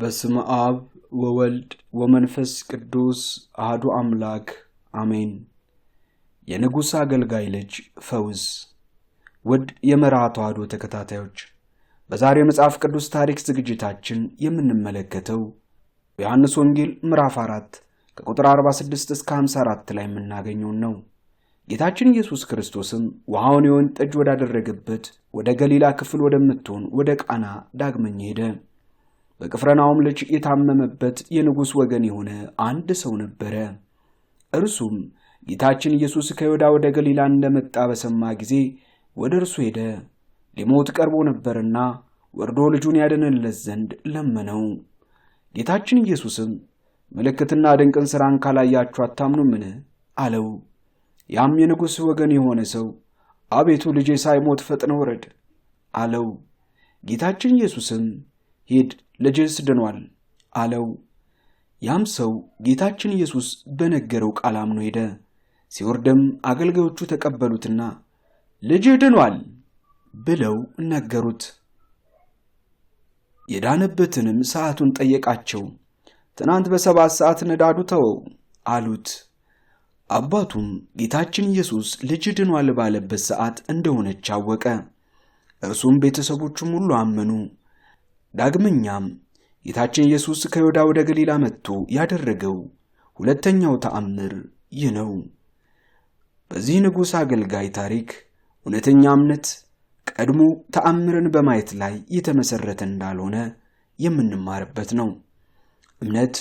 በስም አብ ወወልድ ወመንፈስ ቅዱስ አህዱ አምላክ አሜን። የንጉሥ አገልጋይ ልጅ ፈውስ። ውድ የመርሃ ተዋህዶ ተከታታዮች በዛሬው መጽሐፍ ቅዱስ ታሪክ ዝግጅታችን የምንመለከተው በዮሐንስ ወንጌል ምዕራፍ 4 ከቁጥር 46 እስከ 54 ላይ የምናገኘውን ነው። ጌታችን ኢየሱስ ክርስቶስም ውሃውን የወይን ጠጅ ወዳደረገበት ወደ ገሊላ ክፍል ወደምትሆን ወደ ቃና ዳግመኛ ሄደ። በቅፍረናውም ልጅ የታመመበት የንጉሥ ወገን የሆነ አንድ ሰው ነበረ። እርሱም ጌታችን ኢየሱስ ከይሁዳ ወደ ገሊላ እንደመጣ በሰማ ጊዜ ወደ እርሱ ሄደ። ሊሞት ቀርቦ ነበርና ወርዶ ልጁን ያደንለት ዘንድ ለመነው። ጌታችን ኢየሱስም ምልክትና ድንቅን ሥራን ካላያችሁ አታምኑምን? አለው። ያም የንጉሥ ወገን የሆነ ሰው አቤቱ ልጄ ሳይሞት ፈጥነ ውረድ አለው። ጌታችን ኢየሱስም ሂድ ልጅስ ድኗል አለው። ያም ሰው ጌታችን ኢየሱስ በነገረው ቃል አምኖ ሄደ። ሲወርድም አገልጋዮቹ ተቀበሉትና ልጅህ ድኗል ብለው ነገሩት። የዳነበትንም ሰዓቱን ጠየቃቸው። ትናንት በሰባት ሰዓት ንዳዱ ተወው አሉት። አባቱም ጌታችን ኢየሱስ ልጅ ድኗል ባለበት ሰዓት እንደሆነች አወቀ። እርሱም ቤተሰቦቹም ሁሉ አመኑ። ዳግመኛም ጌታችን ኢየሱስ ከይሁዳ ወደ ገሊላ መጥቶ ያደረገው ሁለተኛው ተአምር ይህ ነው። በዚህ ንጉሥ አገልጋይ ታሪክ እውነተኛ እምነት ቀድሞ ተአምርን በማየት ላይ የተመሠረተ እንዳልሆነ የምንማርበት ነው። እምነት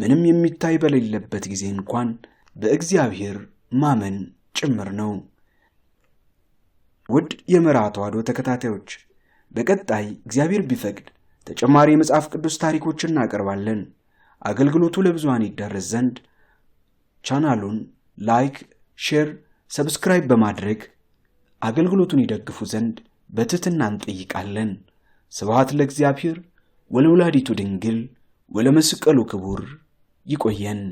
ምንም የሚታይ በሌለበት ጊዜ እንኳን በእግዚአብሔር ማመን ጭምር ነው። ውድ የመርሃ ተከታታዮች በቀጣይ እግዚአብሔር ቢፈቅድ ተጨማሪ የመጽሐፍ ቅዱስ ታሪኮችን እናቀርባለን። አገልግሎቱ ለብዙሃን ይዳረስ ዘንድ ቻናሉን ላይክ፣ ሼር፣ ሰብስክራይብ በማድረግ አገልግሎቱን ይደግፉ ዘንድ በትህትና እንጠይቃለን። ስብሐት ለእግዚአብሔር ወለወላዲቱ ድንግል ወለመስቀሉ ክቡር። ይቆየን።